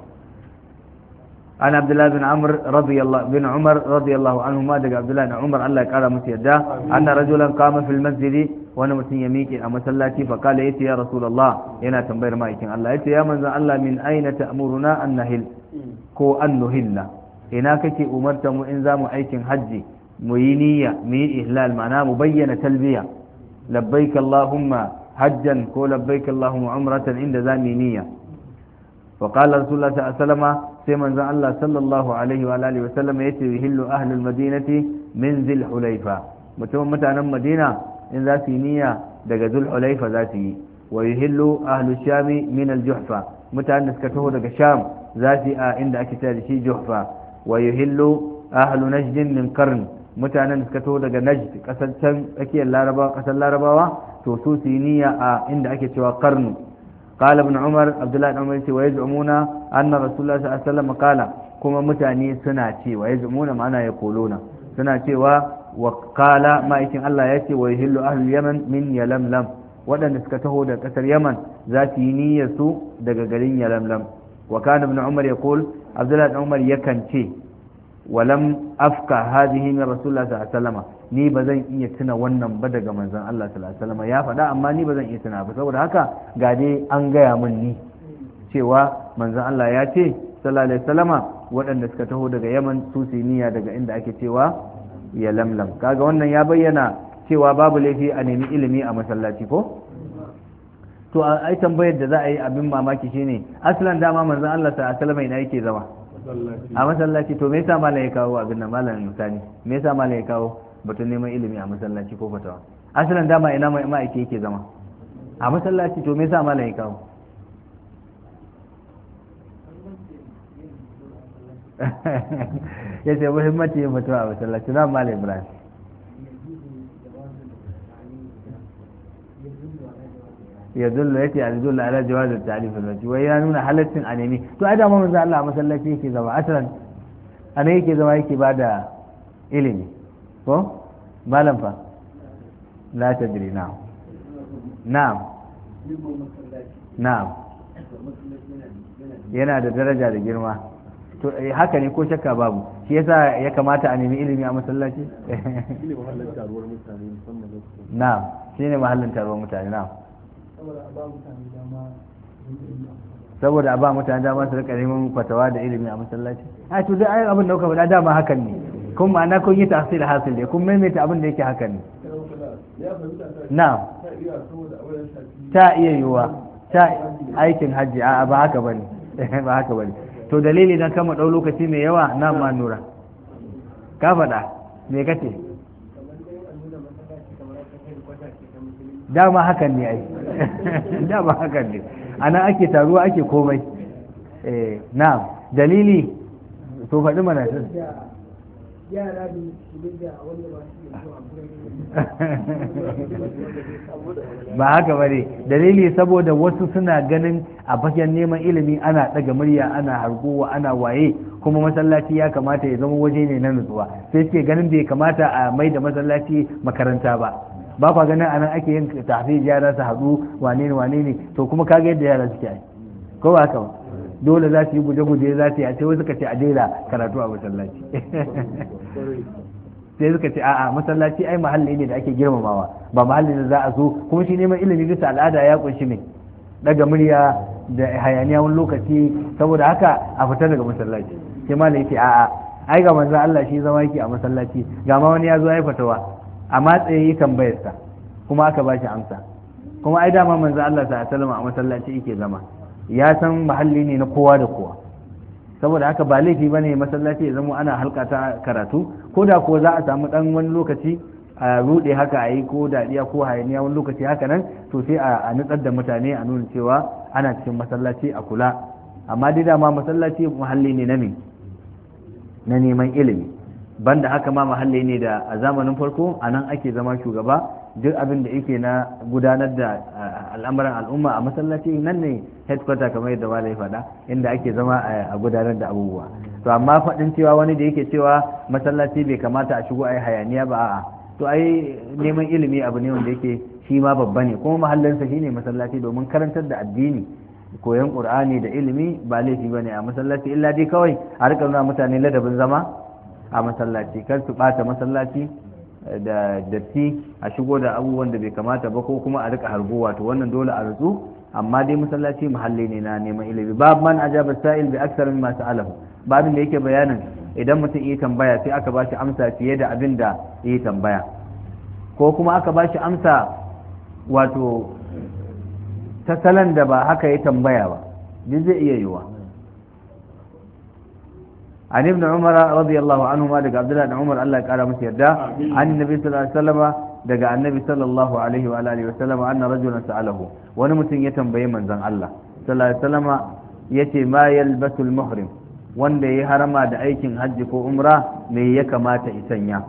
an abdullahi bin amr radiyallahu bin umar radiyallahu anhu ma daga abdullahi bin umar Allah ya kara musu yadda anna rajulan qama fil masjid wani mutum ya miƙe a masallaci fa kala yace ya rasulullah yana tambayar ma'aikin Allah yace ya manzon Allah min aina ta'muruna an nahil ko an nuhilla ina kake umarta mu in zamu aikin hajji mu yi niyya mu ihlal ma'ana mu bayyana talbiya labbaik allahumma hajjan ko labbaik allahumma umratan inda za mu yi niyya wa qala rasulullah sallallahu sai manzon Allah sallallahu alaihi wa alihi wasallam yace yuhillu ahlul madinati min zil hulaifa mutum mutanen madina in za su niyya daga zul hulaifa za su yi wa yuhillu ahlul shami min aljuhfa juhfa mutanen da suka taho daga sham za su yi a inda ake tare da shi juhfa wa yuhillu ahlu najd min qarn mutanen suka taho daga najd kasar can tsakiyar larabawa kasar larabawa to su su yi niyya a inda ake cewa karnu قال ابن عمر عبد الله بن عمر ويزعمون ان رسول الله صلى الله عليه kuma mutane suna cewa ya zumuna ma'ana ya kolona suna cewa wa ma'aikin Allah ya ce wa yahillu ahlul yaman min yalamlam waɗanda suka taho da ƙasar yaman za su yi niyyar su daga garin yalamlam wa kana ibn umar ya abdullahi umar yakan ce walam afka hadhihi min rasulullah sallallahu alaihi wasallam ni bazan iya tuna wannan ba daga manzon Allah sallallahu alaihi wasallam ya faɗa amma ni bazan iya tuna ba saboda haka ga dai an gaya mun ni cewa manzon Allah ya ce sallallahu alaihi wasallama waɗanda suka taho daga Yaman su siniya daga inda ake cewa ya lamlam kaga wannan ya bayyana cewa babu laifi a nemi ilimi a masallaci ko to ai tambayar da za a yi abin mamaki shine aslan dama manzon Allah sallallahu alaihi wasallam ina yake zama a masallaci to me yasa malam ya kawo abin nan malam misali me yasa malam ya kawo batun neman ilimi a masallaci ko fatawa asalan dama ina mai aiki yake zama a masallaci to me yasa malam ya kawo yace muhimmanci yin fatawa a masallaci na malam ibrahim ya dullu yake ya dullu ala jawaz at-ta'lif al-masjid wai ya nuna halaccin a nemi to ai da mu manzo Allah a masallaci yake zama asran anan yake zama yake bada ilimi ko malam fa la tadri na'am na'am na'am yana da daraja da girma to eh, haka ne ko shakka babu shi yasa ya kamata a nemi ilimi a masallaci na'am shine mahallin taruwar mutane na'am saboda a ba mutane dama su rika neman fatawa da ilimi a masallaci a to dai ayin abin da kuka faɗa dama hakan ne kun ma'ana kun yi tahsil hasil ne kun maimaita abin da yake hakan ne na ta iya yiwuwa ta aikin hajji a ba haka bane ba haka bane to dalili dan kama dau lokaci mai yawa na ma nura ka faɗa me kace dama hakan ne ai da ba haka ne ana ake taruwa ake komai eh dalili to faɗi mana sun ba haka bane dalili saboda wasu suna ganin a fagen neman ilimi ana ɗaga murya ana harguwa ana waye kuma masallaci ya kamata ya zama waje ne na nutsuwa sai suke ganin bai kamata a mai da masallaci makaranta ba ba kwa ganin anan ake yin tafi yara su hadu wane ne wane ne to kuma kaga yadda yara suke yi ko ba haka ba dole za su yi guje-guje za su yi a ce wasu ce a daina karatu a masallaci sai suka ce a'a masallaci ai mahalli ne da ake girmamawa ba mahalli da za a zo kuma shi neman ilimi bisa al'ada ya kunshi ne daga murya da hayaniya wani lokaci saboda haka a fita daga masallaci sai malai ce a'a ai ga manzo Allah shi zama yake a masallaci ga ma wani ya zo ya fatawa a matsayi yi tambayarsa kuma aka ba shi amsa kuma ai dama manzo Allah ta sallama a masallaci yake zama ya san mahalli ne na kowa da kowa saboda haka ba laifi bane masallaci ya zama ana halka ta karatu ko da ko za a samu dan wani lokaci a rude haka a yi ko dadiya ko hayaniya wani lokaci haka nan to sai a nutsar da mutane a nuna cewa ana cikin masallaci a kula amma dai dama masallaci muhalli ne na ne na neman ilimi banda haka ma mahalli ne da a zamanin farko a nan ake zama shugaba duk abin da yake na gudanar da eh, al'amuran al'umma a masallaci nan ne headquarter kamar yadda malai faɗa inda ake zama eh, a gudanar da abubuwa to amma faɗin cewa wani da yake cewa masallaci bai kamata a shigo a yi hayaniya ba a'a to ai neman ilimi abu ne wanda yake shi ma babba ne kuma mahallinsa shine masallaci domin karantar da addini koyon qur'ani da ilimi ba laifi bane a masallaci illa dai kawai a rika nuna mutane ladabin zama a masallaci kar su bata masallaci eh, da datti a shigo da abubuwan da bai kamata ba ko kuma a rika harbo wato wannan dole a rutsu amma dai masallaci muhalli ne na neman ilimi bab man ajaba sa'il bi aksar mimma sa'alahu babin da yake bayanin idan mutum yi tambaya sai aka bashi amsa fiye da abin da yi tambaya ko kuma aka bashi amsa wato ta salan da ba haka ya tambaya ba duk zai iya yiwa an ibn umar radiyallahu anhu ma daga abdullahi da umar Allah ya kara musu yadda an sallallahu alaihi wasallama daga annabi sallallahu alaihi wa alihi wasallama anna rajulan sa'alahu wani mutum ya tambayi manzan Allah sallallahu alaihi wasallama yace ma yalbasul muhrim wanda ya harama da aikin hajji ko umra me ya kamata isanya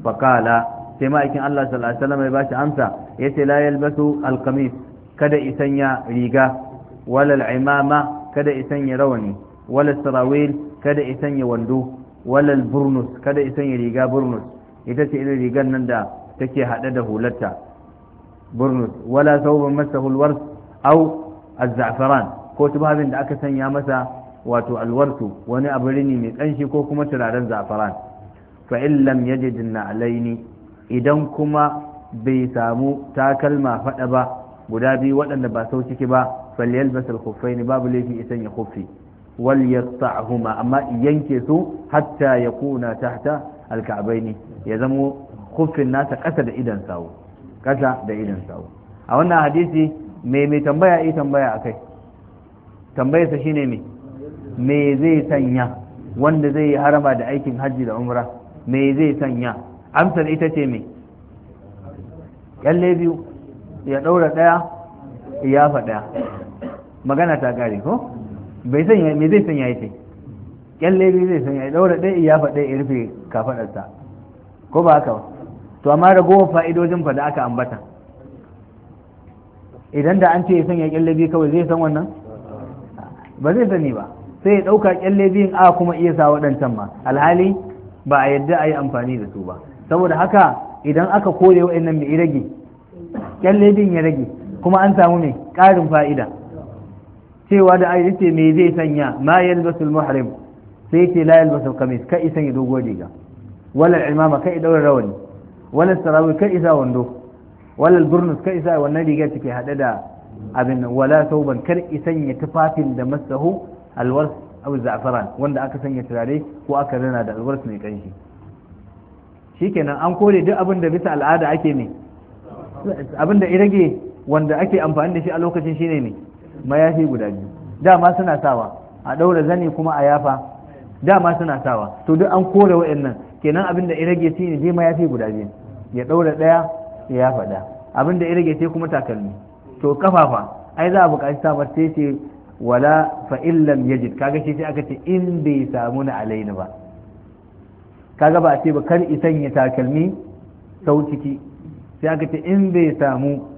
faqala sai ma'aikin Allah sallallahu alaihi wasallama ya bashi amsa yace la yalbasu alqamis kada isanya riga wala al'imama kada isanya rawani wala sarawil kada ya sanya wando walal burnus kada ya sanya riga burnus ita ce irin rigar nan da take haɗe da hularta burnus wala sauban masa hulwar au azzafaran ko tubabin da aka sanya masa wato alwarsu wani abu rini mai ƙanshi ko kuma turaren zafaran fa in lam yajid alaini idan kuma bai samu takalma faɗa ba guda biyu waɗanda ba sau ciki ba falyalbas al-khuffaini babu laifi isan ya kuffi. wal yasta'huma amma yanke su hatta ya kuna tahta alka'baini ya zamo kufin nasa kasa da idan sawu kasa da idan a wannan hadisi me me tambaya yi tambaya akai tambayarsa shine me me zai sanya wanda zai yi harama da aikin hajji da umra me zai sanya amsar ita ce me kyalle biyu ya ɗaura ɗaya ya faɗa magana ta gare ko bai sanya me zai sanya yace kyalle bai zai sanya daura dai ya faɗa ya rufe kafadarsa ko ba haka ba to amma ragowar fa'idojin fa da aka ambata idan da an ce ya sanya kyalle biyu kawai zai san wannan ba zai sani ba sai ya ɗauka kyalle biyun a kuma iya sa waɗancan ma alhali ba a yadda a yi amfani da su ba saboda haka idan aka kore wa'annan bai rage kyalle biyun ya rage kuma an samu ne ƙarin fa'ida cewa da ai yace me zai sanya ma yalbasul muhrim sai yace la yalbasul qamis kai sanya dogo riga wala imama kai daura rawani wala sarawi kai isa wando wala burnus kai isa wannan riga take hade da abin wala tauban kar isanya tufafin da masahu alwars aw za'faran wanda aka sanya turare ko aka rana da alwars mai kanshi shikenan an kore duk abin da bisa al'ada ake ne abin da irage wanda ake amfani da shi a lokacin shine ne mayafi guda biyu dama suna sawa a ɗaura zane kuma a yafa dama suna sawa to duk an kore wa'annan kenan abin da irage shi ne je mayafi guda biyu ya ɗaura ɗaya ya yafa ɗaya abin da irage sai kuma takalmi to kafafa ai za a buƙaci samar sai ce wala fa illam yajid kaga shi sai aka ce in bai samu na alaini ba kaga ba a ce ba kar isan ya takalmi sau ciki sai aka ce in bai samu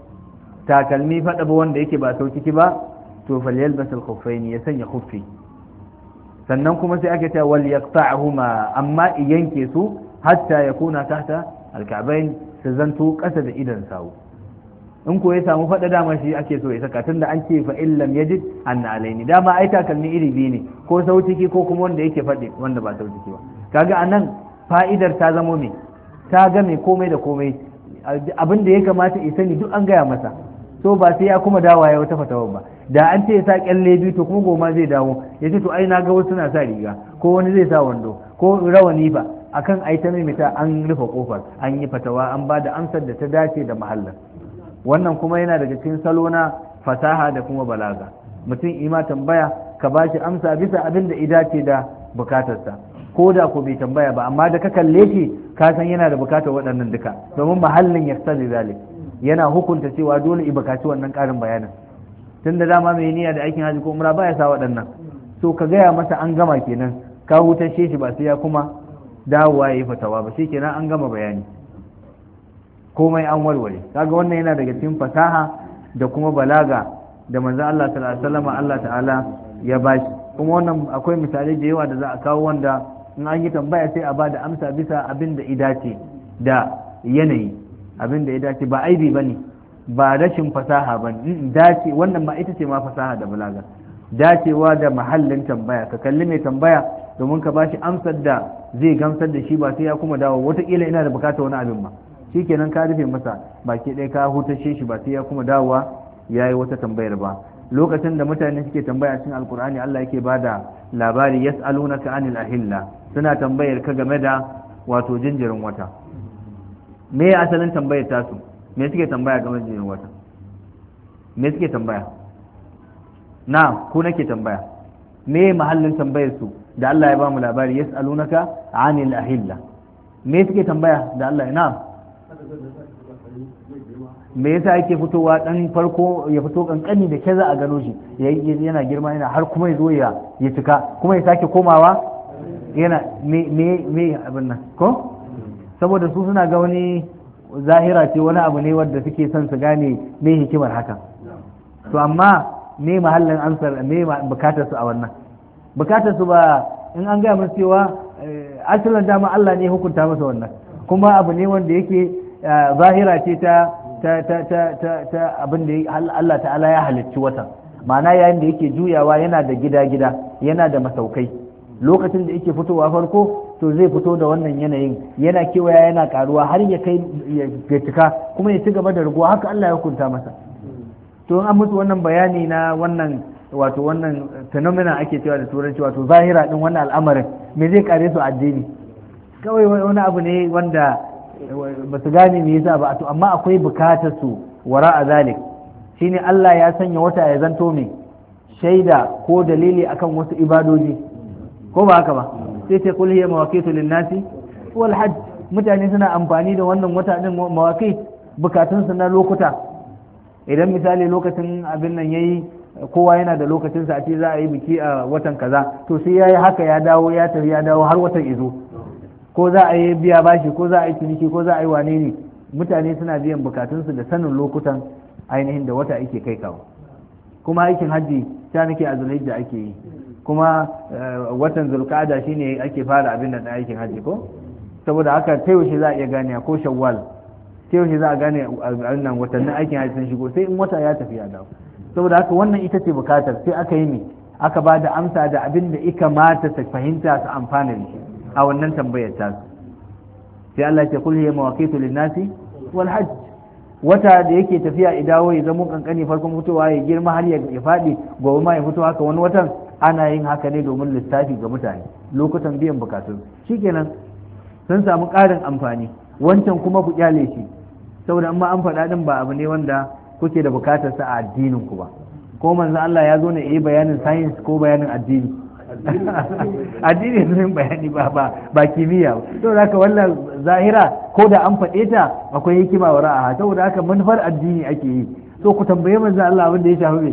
takalmi faɗa ba wanda yake ba sau ciki ba to falyal basal khuffaini ya sanya khuffi sannan kuma sai ake ta wal yaqta'huma amma yanke su hatta kuna tahta alka'bain su zanto kasa da idan sawu in ko ya samu faɗa dama shi ake so ya saka tunda an ce fa illam yajid an alaini dama ai takalmi iri biyu ne ko sau ciki ko kuma wanda yake faɗi wanda ba sau ciki ba kaga anan fa'idar ta zamo me ta game komai da komai abin da ya kamata ya sani duk an gaya masa so ba sai ya kuma dawa ya wata fatawar ba da an ce ya sa kyalle biyu to kuma goma zai dawo ya ce to ai na ga wasu suna sa riga ko wani zai sa wando ko rawani ba akan ai ta mimita an rufe kofar an yi fatawa an ba da amsar da ta dace da muhallin. wannan kuma yana daga cikin salo na fasaha da kuma balaga mutum ima tambaya ka ba shi amsa bisa abin da ce da bukatarsa ko da ko bai tambaya ba amma da ka kalle shi ka san yana da bukatar waɗannan duka domin mahallin ya sani zalik yana hukunta cewa dole i wannan karin bayanin tunda dama mai niyya da aikin haji ko umra baya sa waɗannan so ka gaya masa an gama kenan ka hutar shi ba sai ya kuma dawowa ya yi fatawa ba kenan an gama bayani komai an warware kaga wannan yana daga cikin fasaha da kuma balaga da manzo Allah sallallahu alaihi Allah ta'ala ya bashi kuma wannan akwai misali da yawa da za a kawo wanda in an yi tambaya sai a ba da amsa bisa abin da idace da yanayi abin da ya dace ba aibi ba ne ba rashin fasaha ba dace wannan ma ita ce ma fasaha da balaga dacewa da mahallin tambaya ka kalli mai tambaya domin ka ba shi amsar da zai gamsar da shi ba sai ya kuma dawo wataƙila ina da bukatar wani abin shi kenan ka rufe masa baki ɗaya ka hutashe shi ba sai ya kuma dawowa ya yi wata tambayar ba lokacin da mutane suke tambaya cikin alkur'ani Allah yake ba da labari yas'alunaka anil ahilla suna tambayar ka game da wato jinjirin wata me asalin tambayar tasu me suke tambaya game da jirgin wata me suke tambaya na ku nake tambaya me mahallin tambayar su da Allah ya ba mu labari a anil ahilla me suke tambaya da Allah na me yasa yake fitowa dan farko ya fito kankani da kaza a gano shi yana girma yana har kuma ya zo ya cika kuma ya sake komawa yana me me abin nan ko saboda su suna ga wani zahira ce wani abu ne wanda suke son su gane me hikimar hakan to amma me mahallin ansar me bukatar su a wannan bukatar su ba in an gaya musu cewa eh, asalin dama Allah ne hukunta masa wannan kuma abu ne wanda yake eh, zahira ce ta ta ta ta ta abin da Allah ta'ala ya halicci wata ma'ana yayin da yake juyawa yana da gida gida yana da masaukai lokacin da yake fitowa farko to zai fito da wannan yanayin yana kewaya yana karuwa har ya kai ya cika kuma ya ci gaba da raguwa haka Allah ya hukunta masa to an mutu wannan bayani na wannan wato wannan phenomena ake cewa da turanci wato zahira din wannan al'amarin me zai kare su addini kawai wani abu ne wanda ba su gane me yasa ba to amma akwai bukatar su wara a zalik shine Allah ya sanya wata ya zanto me shaida ko dalili akan wasu ibadoji ko ba haka ba sai ce kul hiya mawaqitu lin-nasi wal hajj mutane suna amfani da wannan wata din mawaqit bukatun su na lokuta idan misali lokacin abin nan yayi kowa yana da lokacin sa a ce za a yi biki a watan kaza to sai yayi haka ya dawo ya tafi ya dawo har watan izo ko za a yi biya bashi ko za a yi ciniki ko za a yi wane ne mutane suna biyan bukatunsu da sanin lokutan ainihin da wata ake kai kawo kuma aikin hajji ta nake a zulhijja ake yi kuma eh, watan zulkada shine ake fara abin da aikin hajji ko saboda haka ta yaushe za a iya gane ko shawwal ta yaushe za a gane wannan nan watannin aikin hajji sun shigo sai in wata ya tafi ya dawo saboda haka wannan ita ce bukatar sai aka yi ne aka ba da amsa da abin da ika mata ta fahimta su amfana da shi a wannan tambayar ta sai Allah ya kulli hiya mawaqitu linnasi wal hajj wata da yake tafiya idawo ya zama kankani farkon fitowa ya girma har ya faɗi gobe ma ya fito haka wani watan ana yin haka ne domin lissafi ga mutane lokutan biyan bukatun shikenan sun samu ƙarin amfani wancan kuma ku kyale shi saboda amma an faɗa ɗin ba abu ne wanda kuke da bukatar sa a addinin ku ba ko manzo Allah ya zo ne yi bayanin science ko bayanin addini addini ne bayani ba ba ba kimiyya to haka wannan zahira ko da an faɗe ta akwai hikima wa ra'aha saboda haka manufar addini ake yi so ku tambaye manzo Allah abin da ya shafi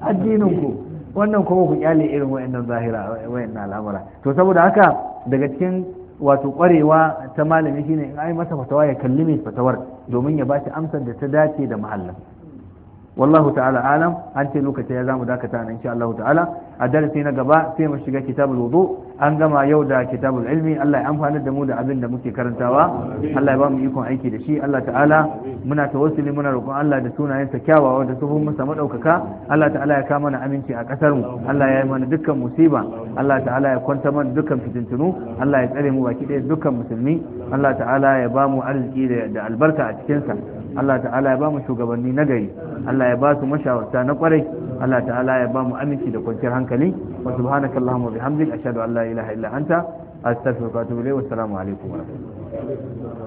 addinin ku wannan kuma ku kyale irin wayannan zahira wayannan al'amura to saboda haka daga cikin wato kwarewa ta malami shine in ai masa fatawa ya kalli mai fatawar domin ya bashi amsar da ta dace da mahallin wallahu ta'ala alam an ce lokaci ya zamu dakata nan insha Allah ta'ala a darasi na gaba sai mu shiga kitabul wudu an gama yau da kitabul ilmi Allah ya amfana da mu da abin da muke karantawa Allah ya ba mu ikon aiki da shi Allah ta'ala muna tawassuli muna roƙon Allah da sunayensa kyawawa da sufun mu samu ɗaukaka Allah ta'ala ya kawo mana aminci a ƙasar mu Allah ya yi mana dukkan musiba Allah ta'ala ya kwanta mana dukkan fitintunu Allah ya tsare mu baki ɗaya dukkan musulmi Allah ta'ala ya ba mu arziki da albarka a cikinsa Allah ta'ala ya ba mu shugabanni na gari Allah ya ba su mashawarta na kwarai Allah ta'ala ya ba mu aminci da kwanciyar hankali wa subhanaka allahumma bihamdik ashhadu an la ilaha illa anta astaghfiruka wa atubu ilayk wa assalamu alaikum wa rahmatullahi